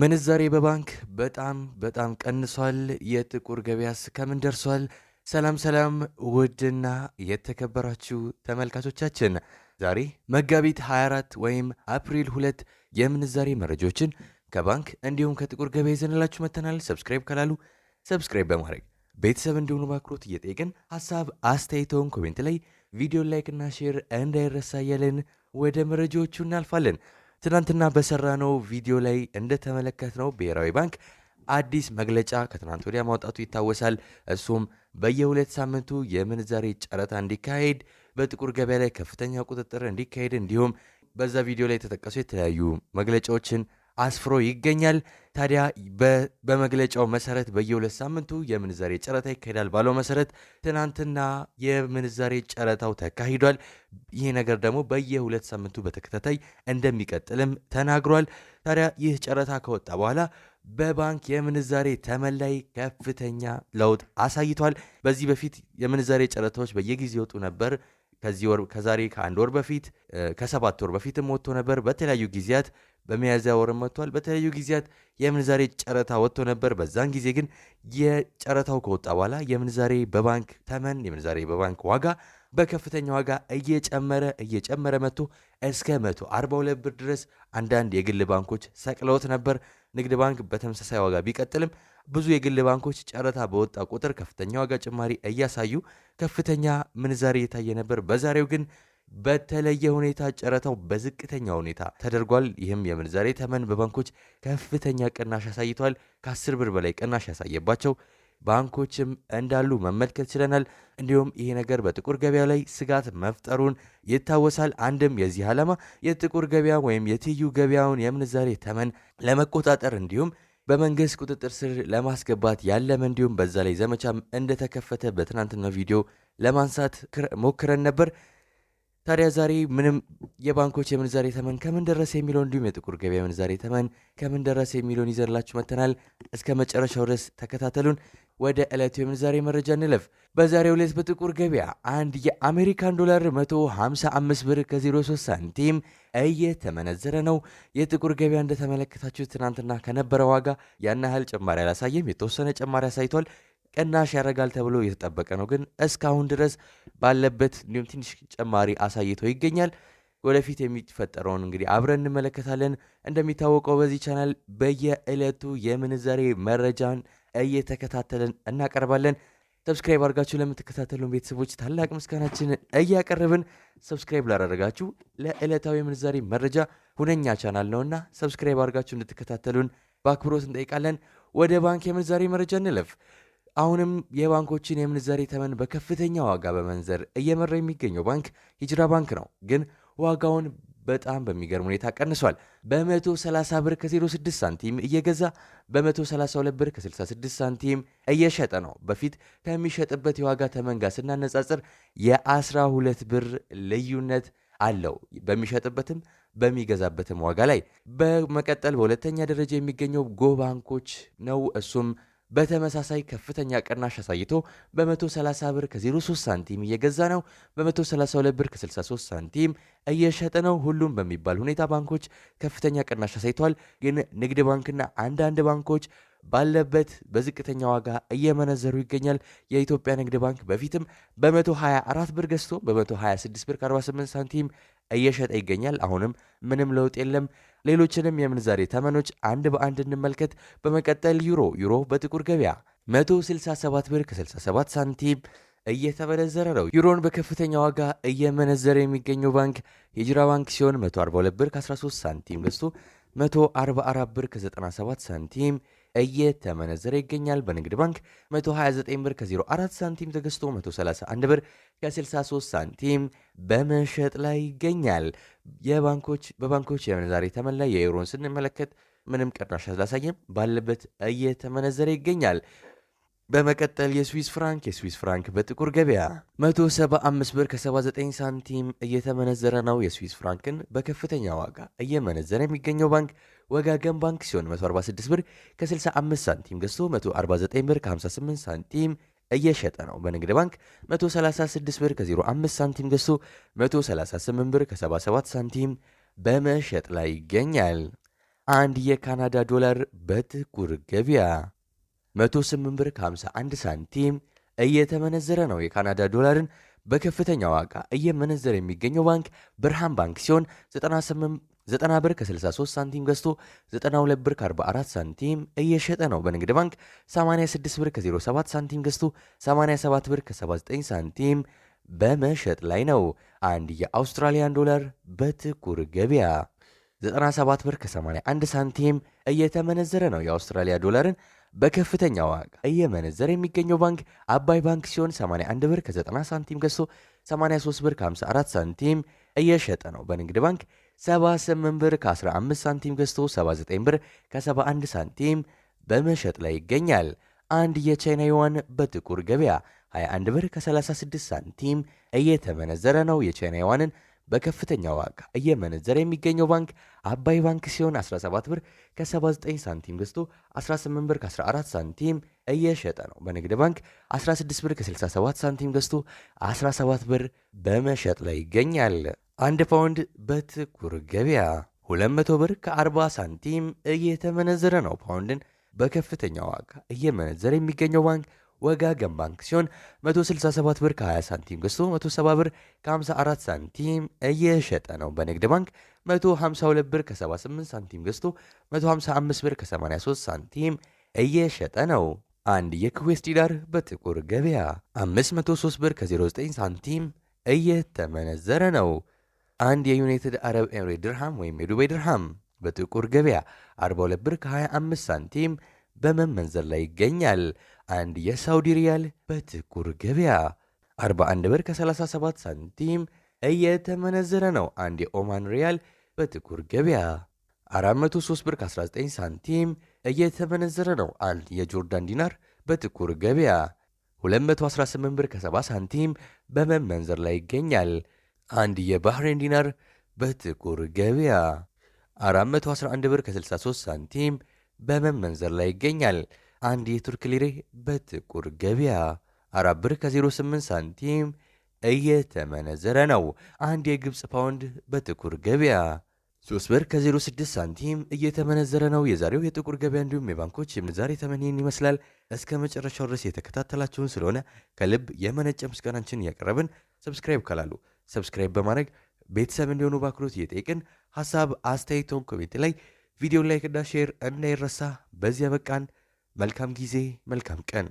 ምንዛሬ በባንክ በጣም በጣም ቀንሷል። የጥቁር ገበያስ ከምን ደርሷል? ሰላም ሰላም፣ ውድና የተከበራችሁ ተመልካቾቻችን ዛሬ መጋቢት 24 ወይም አፕሪል 2 የምንዛሬ መረጃዎችን ከባንክ እንዲሁም ከጥቁር ገበያ ይዘንላችሁ መተናል። ሰብስክራይብ ካላሉ ሰብስክራይብ በማድረግ ቤተሰብ እንዲሆኑ በአክብሮት እየጠየቅን ሀሳብ አስተያየተውን ኮሜንት ላይ ቪዲዮ ላይክና ሼር እንዳይረሳ ያለን ወደ መረጃዎቹ እናልፋለን። ትናንትና በሰራነው ቪዲዮ ላይ እንደተመለከትነው ብሔራዊ ባንክ አዲስ መግለጫ ከትናንት ወዲያ ማውጣቱ ይታወሳል። እሱም በየሁለት ሳምንቱ የምንዛሬ ጨረታ እንዲካሄድ፣ በጥቁር ገበያ ላይ ከፍተኛ ቁጥጥር እንዲካሄድ እንዲሁም በዛ ቪዲዮ ላይ የተጠቀሱ የተለያዩ መግለጫዎችን አስፍሮ ይገኛል። ታዲያ በመግለጫው መሰረት በየሁለት ሳምንቱ የምንዛሬ ጨረታ ይካሄዳል ባለው መሰረት ትናንትና የምንዛሬ ጨረታው ተካሂዷል። ይህ ነገር ደግሞ በየሁለት ሳምንቱ በተከታታይ እንደሚቀጥልም ተናግሯል። ታዲያ ይህ ጨረታ ከወጣ በኋላ በባንክ የምንዛሬ ተመላይ ከፍተኛ ለውጥ አሳይቷል። በዚህ በፊት የምንዛሬ ጨረታዎች በየጊዜ ይወጡ ነበር። ከዚህ ወር ከዛሬ ከአንድ ወር በፊት ከሰባት ወር በፊትም ወጥቶ ነበር። በተለያዩ ጊዜያት በሚያዝያ ወርም መጥቷል። በተለያዩ ጊዜያት የምንዛሬ ጨረታ ወጥቶ ነበር። በዛን ጊዜ ግን የጨረታው ከወጣ በኋላ የምንዛሬ በባንክ ተመን የምንዛሬ በባንክ ዋጋ በከፍተኛ ዋጋ እየጨመረ እየጨመረ መጥቶ እስከ 142 ብር ድረስ አንዳንድ የግል ባንኮች ሰቅለውት ነበር። ንግድ ባንክ በተመሳሳይ ዋጋ ቢቀጥልም ብዙ የግል ባንኮች ጨረታ በወጣ ቁጥር ከፍተኛ ዋጋ ጭማሪ እያሳዩ ከፍተኛ ምንዛሬ እየታየ ነበር። በዛሬው ግን በተለየ ሁኔታ ጨረታው በዝቅተኛ ሁኔታ ተደርጓል። ይህም የምንዛሬ ተመን በባንኮች ከፍተኛ ቅናሽ አሳይቷል። ከአስር ብር በላይ ቅናሽ ያሳየባቸው ባንኮችም እንዳሉ መመልከት ችለናል። እንዲሁም ይሄ ነገር በጥቁር ገበያ ላይ ስጋት መፍጠሩን ይታወሳል። አንድም የዚህ ዓላማ የጥቁር ገበያ ወይም የትዩ ገበያውን የምንዛሬ ተመን ለመቆጣጠር እንዲሁም በመንግስት ቁጥጥር ስር ለማስገባት ያለመ እንዲሁም በዛ ላይ ዘመቻም እንደተከፈተ በትናንትናው ቪዲዮ ለማንሳት ሞክረን ነበር። ታዲያ ዛሬ ምንም የባንኮች የምንዛሬ ተመን ከምን ደረሰ የሚለው እንዲሁም የጥቁር ገበያ የምንዛሬ ተመን ከምን ደረሰ የሚለውን ይዘንላችሁ መጥተናል። እስከ መጨረሻው ድረስ ተከታተሉን። ወደ ዕለቱ የምንዛሬ መረጃ እንለፍ። በዛሬው ዕለት በጥቁር ገበያ አንድ የአሜሪካን ዶላር 155 ብር ከ03 ሳንቲም እየተመነዘረ ነው። የጥቁር ገበያ እንደተመለከታችሁ ትናንትና ከነበረ ዋጋ ያን ያህል ጭማሪ አላሳየም። የተወሰነ ጭማሪ አሳይቷል። ቅናሽ ያደርጋል ተብሎ እየተጠበቀ ነው። ግን እስካሁን ድረስ ባለበት እንዲሁም ትንሽ ጭማሪ አሳይቶ ይገኛል። ወደፊት የሚፈጠረውን እንግዲህ አብረን እንመለከታለን። እንደሚታወቀው በዚህ ቻናል በየዕለቱ የምንዛሬ መረጃን እየተከታተለን እናቀርባለን። ሰብስክራይብ አድርጋችሁ ለምትከታተሉን ቤተሰቦች ታላቅ ምስጋናችን እያቀረብን፣ ሰብስክራይብ ላደረጋችሁ ለዕለታዊ የምንዛሬ መረጃ ሁነኛ ቻናል ነውና ሰብስክራይብ አድርጋችሁ እንድትከታተሉን በአክብሮት እንጠይቃለን። ወደ ባንክ የምንዛሬ መረጃ እንለፍ። አሁንም የባንኮችን የምንዛሬ ተመን በከፍተኛ ዋጋ በመንዘር እየመራ የሚገኘው ባንክ ሂጅራ ባንክ ነው። ግን ዋጋውን በጣም በሚገርም ሁኔታ ቀንሷል። በ130 ብር ከ06 ሳንቲም እየገዛ በ132 ብር ከ66 ሳንቲም እየሸጠ ነው። በፊት ከሚሸጥበት የዋጋ ተመን ጋር ስናነጻጽር የ12 ብር ልዩነት አለው በሚሸጥበትም በሚገዛበትም ዋጋ ላይ። በመቀጠል በሁለተኛ ደረጃ የሚገኘው ጎ ባንኮች ነው። እሱም በተመሳሳይ ከፍተኛ ቅናሽ አሳይቶ በ130 ብር ከ03 ሳንቲም እየገዛ ነው። በ132 ብር ከ63 ሳንቲም እየሸጠ ነው። ሁሉም በሚባል ሁኔታ ባንኮች ከፍተኛ ቅናሽ አሳይተዋል። ግን ንግድ ባንክና አንዳንድ ባንኮች ባለበት በዝቅተኛ ዋጋ እየመነዘሩ ይገኛል። የኢትዮጵያ ንግድ ባንክ በፊትም በ124 ብር ገዝቶ በ126 ብር ከ48 ሳንቲም እየሸጠ ይገኛል። አሁንም ምንም ለውጥ የለም። ሌሎችንም የምንዛሬ ተመኖች አንድ በአንድ እንመልከት። በመቀጠል ዩሮ ዩሮ በጥቁር ገበያ 167 ብር ከ67 ሳንቲም እየተመነዘረ ነው። ዩሮን በከፍተኛ ዋጋ እየመነዘረ የሚገኘው ባንክ ሂጅራ ባንክ ሲሆን 142 ብር ከ13 ሳንቲም ገዝቶ 144 ብር ከ97 ሳንቲም እየተመነዘረ ይገኛል። በንግድ ባንክ 129 ብር ከ04 ሳንቲም ተገዝቶ 131 ብር ከ63 ሳንቲም በመሸጥ ላይ ይገኛል። የባንኮች በባንኮች የምንዛሬ ተመን ላይ የዩሮን ስንመለከት ምንም ቅናሽ አላሳየም፣ ባለበት እየተመነዘረ ይገኛል። በመቀጠል የስዊስ ፍራንክ የስዊስ ፍራንክ በጥቁር ገበያ 175 ብር ከ79 ሳንቲም እየተመነዘረ ነው። የስዊስ ፍራንክን በከፍተኛ ዋጋ እየመነዘረ የሚገኘው ባንክ ወጋገን ባንክ ሲሆን 146 ብር ከ65 ሳንቲም ገዝቶ 149 ብር ከ58 ሳንቲም እየሸጠ ነው። በንግድ ባንክ 136 ብር ከ05 ሳንቲም ገዝቶ 138 ብር ከ77 ሳንቲም በመሸጥ ላይ ይገኛል። አንድ የካናዳ ዶላር በጥቁር ገበያ 108 ብር 51 ሳንቲም እየተመነዘረ ነው። የካናዳ ዶላርን በከፍተኛ ዋጋ እየመነዘረ የሚገኘው ባንክ ብርሃን ባንክ ሲሆን 90 ብር ከ63 ሳንቲም ገዝቶ 92 ብር ከ44 ሳንቲም እየሸጠ ነው። በንግድ ባንክ 86 ብር ከ07 ሳንቲም ገዝቶ 87 ብር ከ79 ሳንቲም በመሸጥ ላይ ነው። አንድ የአውስትራሊያን ዶላር በጥቁር ገበያ 97 ብር ከ81 ሳንቲም እየተመነዘረ ነው። የአውስትራሊያ ዶላርን በከፍተኛ ዋጋ እየመነዘረ የሚገኘው ባንክ አባይ ባንክ ሲሆን 81 ብር ከ90 ሳንቲም ገዝቶ 83 ብር ከ54 ሳንቲም እየሸጠ ነው። በንግድ ባንክ 78 ብር ከ15 ሳንቲም ገዝቶ 79 ብር ከ71 ሳንቲም በመሸጥ ላይ ይገኛል። አንድ የቻይና ዩዋን በጥቁር ገበያ 21 ብር ከ36 ሳንቲም እየተመነዘረ ነው። የቻይና ዩዋንን በከፍተኛ ዋጋ እየመነዘረ የሚገኘው ባንክ አባይ ባንክ ሲሆን 17 ብር ከ79 ሳንቲም ገዝቶ 18 ብር ከ14 ሳንቲም እየሸጠ ነው። በንግድ ባንክ 16 ብር ከ67 ሳንቲም ገዝቶ 17 ብር በመሸጥ ላይ ይገኛል። አንድ ፓውንድ በጥቁር ገበያ 200 ብር ከ40 ሳንቲም እየተመነዘረ ነው። ፓውንድን በከፍተኛ ዋጋ እየመነዘረ የሚገኘው ባንክ ወጋገን ባንክ ሲሆን 167 ብር ከ20 ሳንቲም ገዝቶ 170 ብር ከ54 ሳንቲም እየሸጠ ነው። በንግድ ባንክ 152 ብር ከ78 ሳንቲም ገዝቶ 155 ብር ከ83 ሳንቲም እየሸጠ ነው። አንድ የኩዌት ዲናር በጥቁር ገበያ 503 ብር ከ09 ሳንቲም እየተመነዘረ ነው። አንድ የዩናይትድ አረብ ኤምሬት ድርሃም ወይም የዱባይ ድርሃም በጥቁር ገበያ 42 ብር ከ25 ሳንቲም በመመንዘር ላይ ይገኛል። አንድ የሳውዲ ሪያል በጥቁር ገበያ 41 ብር ከ37 ሳንቲም እየተመነዘረ ነው። አንድ የኦማን ሪያል በጥቁር ገበያ 403 ብር ከ19 ሳንቲም እየተመነዘረ ነው። አንድ የጆርዳን ዲናር በጥቁር ገበያ 218 ብር ከ70 ሳንቲም በመመንዘር ላይ ይገኛል። አንድ የባህሬን ዲናር በጥቁር ገበያ 411 ብር ከ63 ሳንቲም በመመንዘር ላይ ይገኛል። አንድ የቱርክ ሊሬ በጥቁር ገበያ 4 ብር ከ08 ሳንቲም እየተመነዘረ ነው። አንድ የግብፅ ፓውንድ በጥቁር ገበያ 3 ብር ከ06 ሳንቲም እየተመነዘረ ነው። የዛሬው የጥቁር ገበያ እንዲሁም የባንኮች የምንዛሬ ተመንን ይመስላል። እስከ መጨረሻው ድረስ የተከታተላችሁን ስለሆነ ከልብ የመነጨ ምስጋናችን እያቀረብን ሰብስክራይብ ካላሉ ሰብስክራይብ በማድረግ ቤተሰብ እንዲሆኑ በአክብሮት እየጠየቅን ሀሳብ አስተያየቶን ኮሜንት ላይ ቪዲዮን ላይክና ሼር እንዳይረሳ። በዚያ በቃን። መልካም ጊዜ፣ መልካም ቀን